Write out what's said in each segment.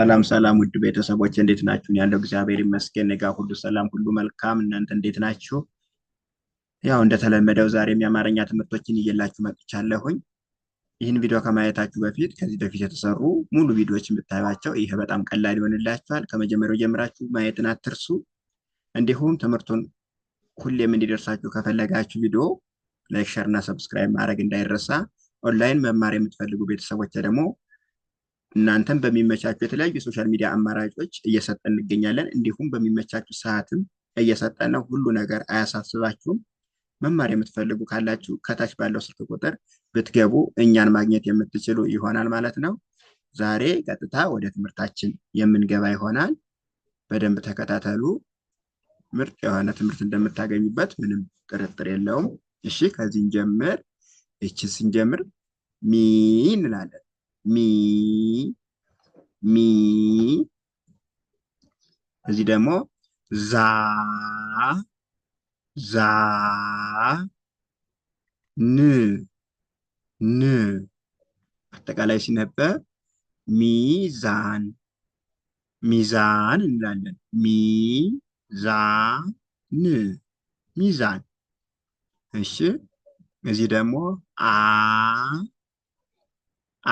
ሰላም ሰላም ውድ ቤተሰቦች እንዴት ናችሁ? ያለው እግዚአብሔር ይመስገን እኔ ጋር ሁሉ ሰላም፣ ሁሉ መልካም። እናንተ እንዴት ናችሁ? ያው እንደተለመደው ዛሬም የአማርኛ ትምህርቶችን እየላችሁ መጥቻለሁኝ። ይህን ቪዲዮ ከማየታችሁ በፊት ከዚህ በፊት የተሰሩ ሙሉ ቪዲዮዎች ብታዩቸው ይህ በጣም ቀላል ይሆንላችኋል። ከመጀመሪያው ጀምራችሁ ማየትን አትርሱ። እንዲሁም ትምህርቱን ሁሌም እንዲደርሳችሁ ከፈለጋችሁ ቪዲዮ ላይክ፣ ሸር እና ሰብስክራይብ ማድረግ እንዳይረሳ። ኦንላይን መማር የምትፈልጉ ቤተሰቦች ደግሞ እናንተም በሚመቻችሁ የተለያዩ የሶሻል ሚዲያ አማራጮች እየሰጠን እንገኛለን። እንዲሁም በሚመቻችሁ ሰዓትም እየሰጠን ነው። ሁሉ ነገር አያሳስባችሁም። መማር የምትፈልጉ ካላችሁ ከታች ባለው ስልክ ቁጥር ብትገቡ እኛን ማግኘት የምትችሉ ይሆናል ማለት ነው። ዛሬ ቀጥታ ወደ ትምህርታችን የምንገባ ይሆናል። በደንብ ተከታተሉ። ምርጥ የሆነ ትምህርት እንደምታገኙበት ምንም ጥርጥር የለውም። እሺ ከዚህ እንጀምር። እቺ ስንጀምር ሚ እንላለን ሚ ሚ እዚህ ደግሞ ዛ ዛ ን ን አጠቃላይ ሲነበብ ሚዛን ሚዛን እንላለን። ሚዛን ሚዛን። እሺ እዚህ ደግሞ አ አ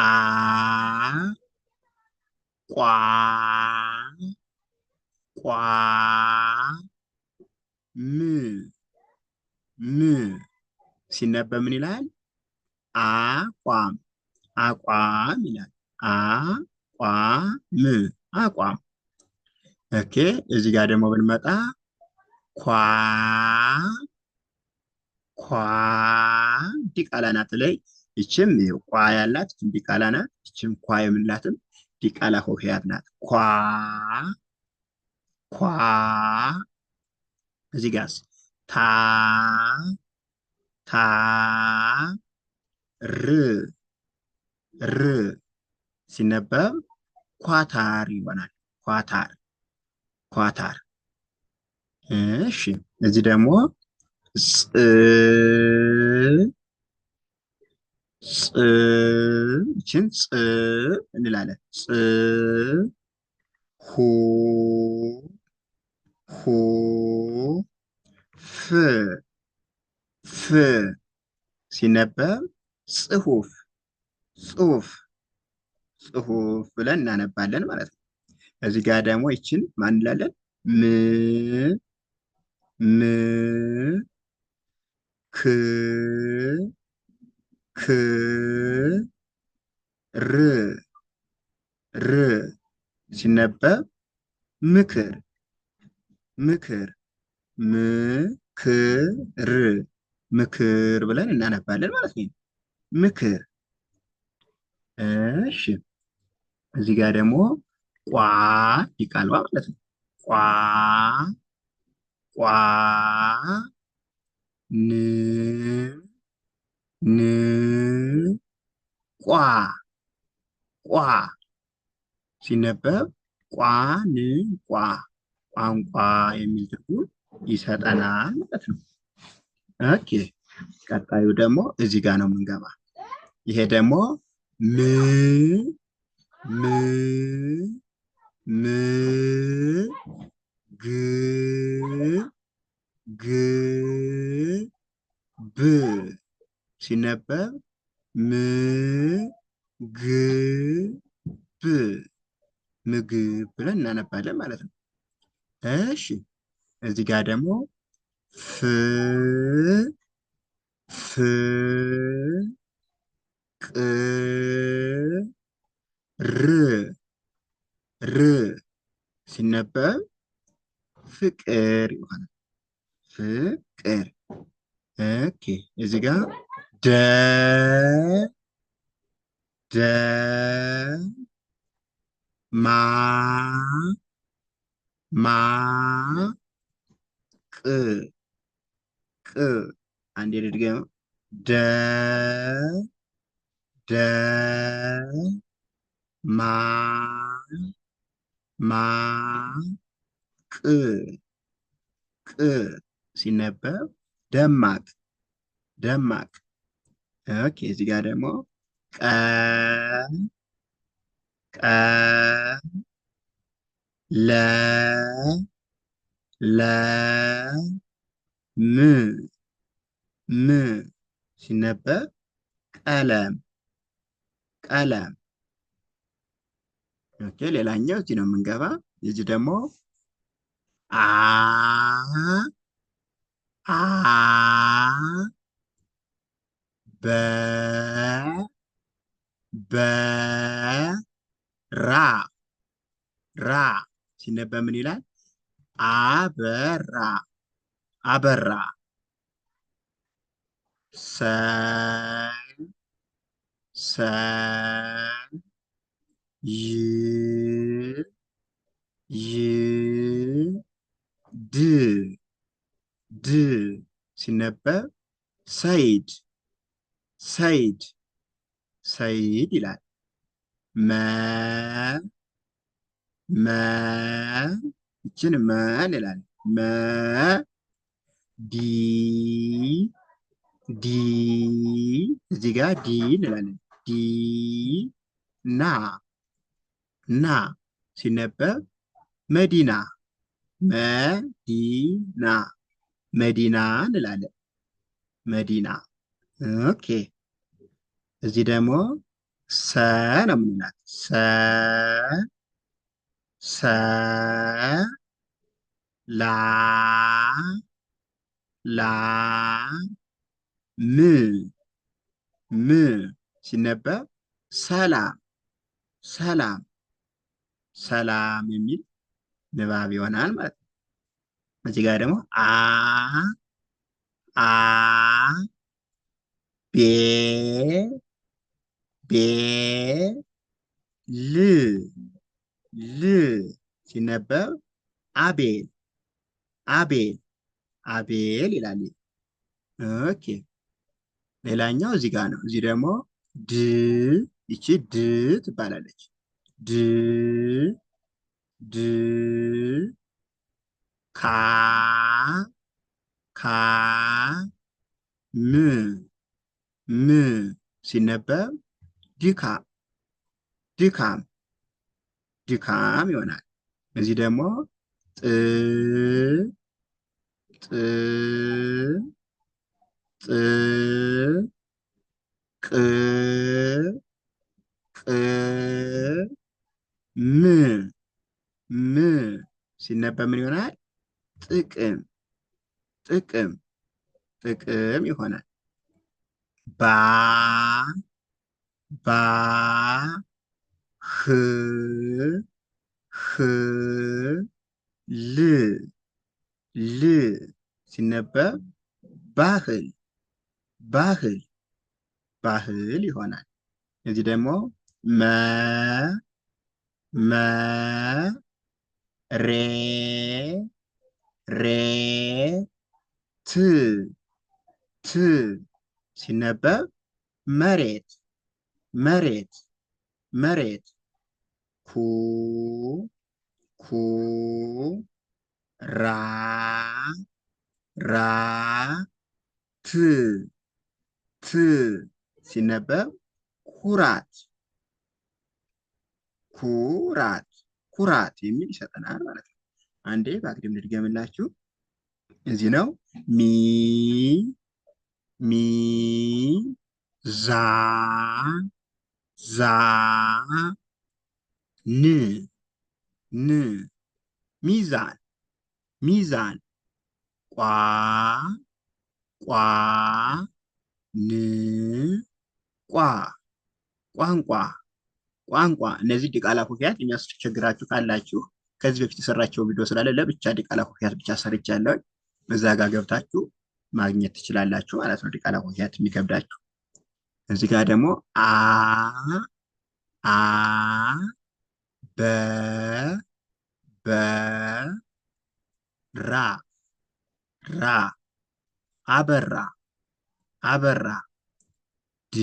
ም ሲነበብ ምን ይላል? አቋም አቋም ይላል። አቋም አቋም። ኦኬ እዚህ ጋር ደግሞ ብንመጣ ኳ ኳ ዲቃላ ናት ላይ ይችም ቋ ያላት ይችም ዲቃላ ናት። ይችም ኳ የምንላትም ዲቃላ ሆሄያት ናት። ኳ ኳ እዚህ ጋስ ታ ታ ር ር ሲነበብ ኳታር ይሆናል። ኳታር ኳታር። እሺ እዚህ ደግሞ ጽ ይችን ጽ እንላለን። ጽ ሁ ሁ ፍ ፍ ሲነበብ ጽሁፍ ጽሁፍ ጽሁፍ ብለን እናነባለን ማለት ነው። እዚህ ጋር ደግሞ ይችን ማን እንላለን? ም ም ክ ክ ር ር ሲነበብ ምክር ምክር ምክር ምክር ብለን እናነባለን ማለት ነው። ምክር እሺ። እዚህ ጋር ደግሞ ቋ ይቃልባ ማለት ነው። ቋ ቋ ን ን ቋ ቋ ሲነበብ ቋ ን ቋ ቋንቋ የሚል ትርጉም ይሰጠናል ማለት ነው። ኦኬ ቀጣዩ ደግሞ እዚህ ጋር ነው የምንገባ። ይሄ ደግሞ ም ም ም ግ ግ ብ ሲነበብ ምግብ ምግብ ብለን እናነባለን ማለት ነው። እሺ እዚህ ጋር ደግሞ ፍ ፍ ቅ ር ር ሲነበብ ፍቅር ይሆናል። ፍቅር ኦኬ እዚህ ጋር da da ma ma ke ke and did it again da da ma ma ke ke sinapa demak demak ኦኬ እዚህ ጋር ደግሞ ቀ ቀ ለ ለ ም ም ሲነበብ ቀለም ቀለም። ኦኬ ሌላኛው እዚህ ነው የምንገባ። እዚህ ደግሞ አ አ በራ ራ ሲነበብ ምን ይላል? አበራ አበራ ሰ ሰ ይ ይ ድ ድ ሲነበብ ሰይድ ሰይድ ሰይድ ይላል። መ መ ይችን መ እንላለን። መ ዲ ዲ እዚህ ጋር ዲ እንላለን። ዲ ና ና ሲነበብ መዲና መዲና መዲና እንላለን። መዲና ኦኬ እዚህ ደግሞ ሰ ነው የምንላት። ሰ ሰ ላ ላ ም ም ሲነበብ ሰላም ሰላም ሰላም የሚል ንባብ ይሆናል ማለት ነው። እዚህ ጋር ደግሞ አ አ ቤል ል ል ሲነበብ አቤል አቤል አቤል ይላል። ኦኬ ሌላኛው እዚህ ጋር ነው። እዚህ ደግሞ ድ ይቺ ድ ትባላለች። ድ ድ ካ ካ ም ም ሲነበብ ድካም ድካም ድካም ይሆናል። እዚህ ደግሞ ጥ ጥ ጥ ቅ ቅ ም ም ሲነበብ ምን ይሆናል? ጥቅም ጥቅም ጥቅም ይሆናል። ባ ባ ህ ህ ል ል ሲነበብ ባህል ባህል ባህል ይሆናል። እዚህ ደግሞ መ መ ሬ ሬ ት ት ሲነበብ መሬት መሬት መሬት ኩ ኩ ራ ራ ት ት ሲነበብ ኩራት ኩራት ኩራት የሚል ይሰጠናል ማለት ነው። አንዴ በአግድም ልድገምላችሁ። እዚህ ነው ሚ ሚ ዛ ዛ ን ን ሚዛን ሚዛን ቋ ቋ ን ቋ ቋንቋ ቋንቋ እነዚህ ዲቃላ ሆሄያት የሚያስቸግራችሁ ካላችሁ ከዚህ በፊት የሰራቸው ቪዲዮ ስላለ ለብቻ ዲቃላ ሆሄያት ብቻ ሰርቻለሁ። እዛ ጋር ገብታችሁ ማግኘት ትችላላችሁ ማለት ነው። ዲቃላ ሆሄያት የሚከብዳችሁ እዚህ ጋር ደግሞ አ አ በ በ ራ ራ አበራ አበራ ድ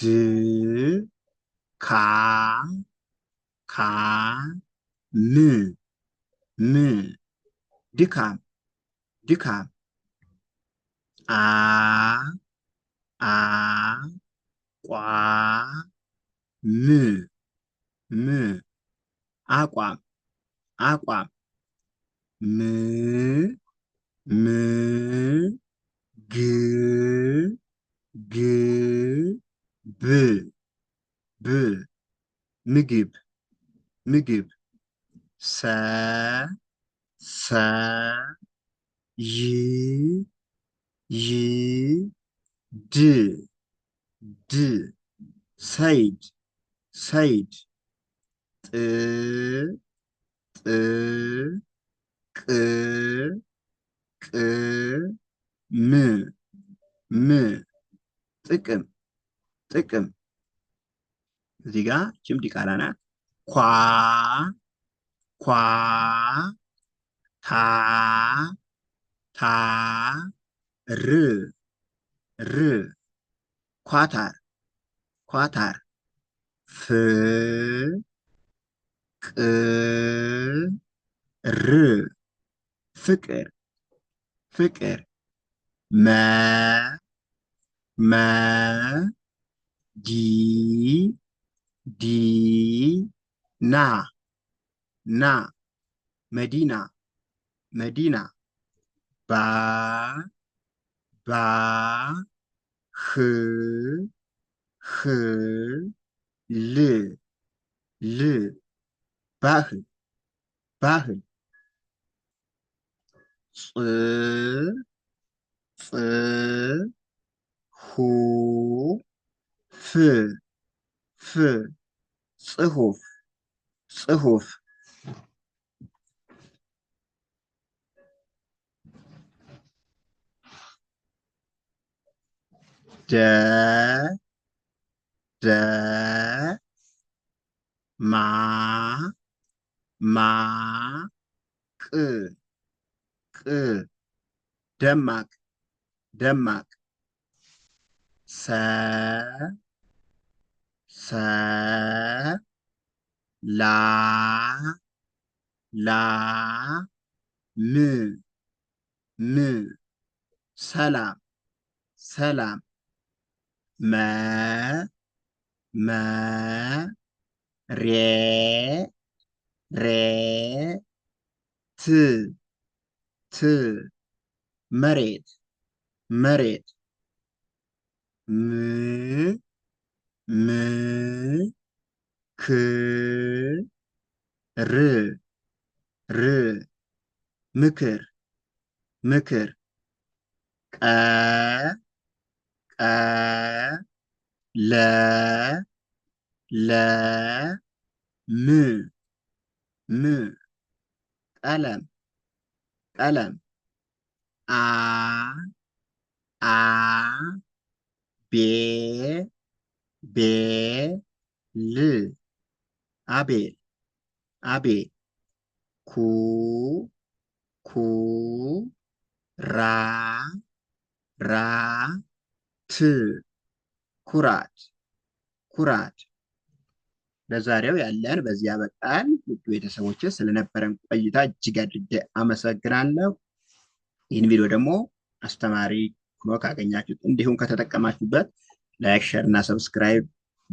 ድ ካ ካ ም ም ድካም ድካም አ አ ቋ ም ም አቋም አቋም ም ም ግ ግ ብ ብ ምግብ ምግብ ሰ ሰ ይ ይ ድ ድ ሰይድ ሰይድ ጥ ጥ ቅ ቅ ም ም ጥቅም ጥቅም እዚህ ጋ ችም ዲቃላ ናት። ኳ ኳ ታ ታ ር ር ኳታር ኳታር ፍ ቅ ር ፍቅር ፍቅር መ መ ዲ ዲ ና ና መዲና መዲና ባ ባ ህ ህ ል ል ባህል ባህል ጽ ጽ ሁ ፍ ፍ ጽሁፍ ጽሁፍ ደ ደ ማ ማ ቅ ቅ ደማቅ ደማቅ ሰ ሰ ላ ላ ም ም ሰላም ሰላም መ መ ሬ ሬ ት ት መሬት መሬት ም ም ክ ር ር ምክር ምክር ቀ ቀ ለ ለ ም ም ቀለም ቀለም አ አ ቤ ቤ ል አቤል አቤል ኩ ኩ ራ ራ ት ኩራት ኩራት ለዛሬው ያለን በዚህ ያበቃል። ውድ ቤተሰቦች ስለነበረን ቆይታ እጅግ አድርጌ አመሰግናለሁ። ይህን ቪዲዮ ደግሞ አስተማሪ ሆኖ ካገኛችሁት እንዲሁም ከተጠቀማችሁበት ላይክ፣ ሸር እና ሰብስክራይብ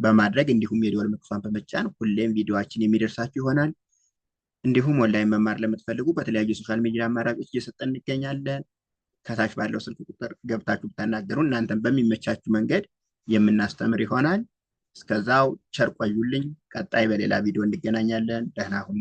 በማድረግ እንዲሁም የደወል ምልክቷን በመጫን ሁሌም ቪዲዮችን የሚደርሳችሁ ይሆናል። እንዲሁም ኦንላይን መማር ለምትፈልጉ በተለያዩ የሶሻል ሚዲያ አማራጮች እየሰጠን እንገኛለን። ከታች ባለው ስልክ ቁጥር ገብታችሁ ብታናገሩ እናንተን በሚመቻችሁ መንገድ የምናስተምር ይሆናል። እስከዛው ቸር ቆዩልኝ። ቀጣይ በሌላ ቪዲዮ እንገናኛለን። ደህና ሁኑ።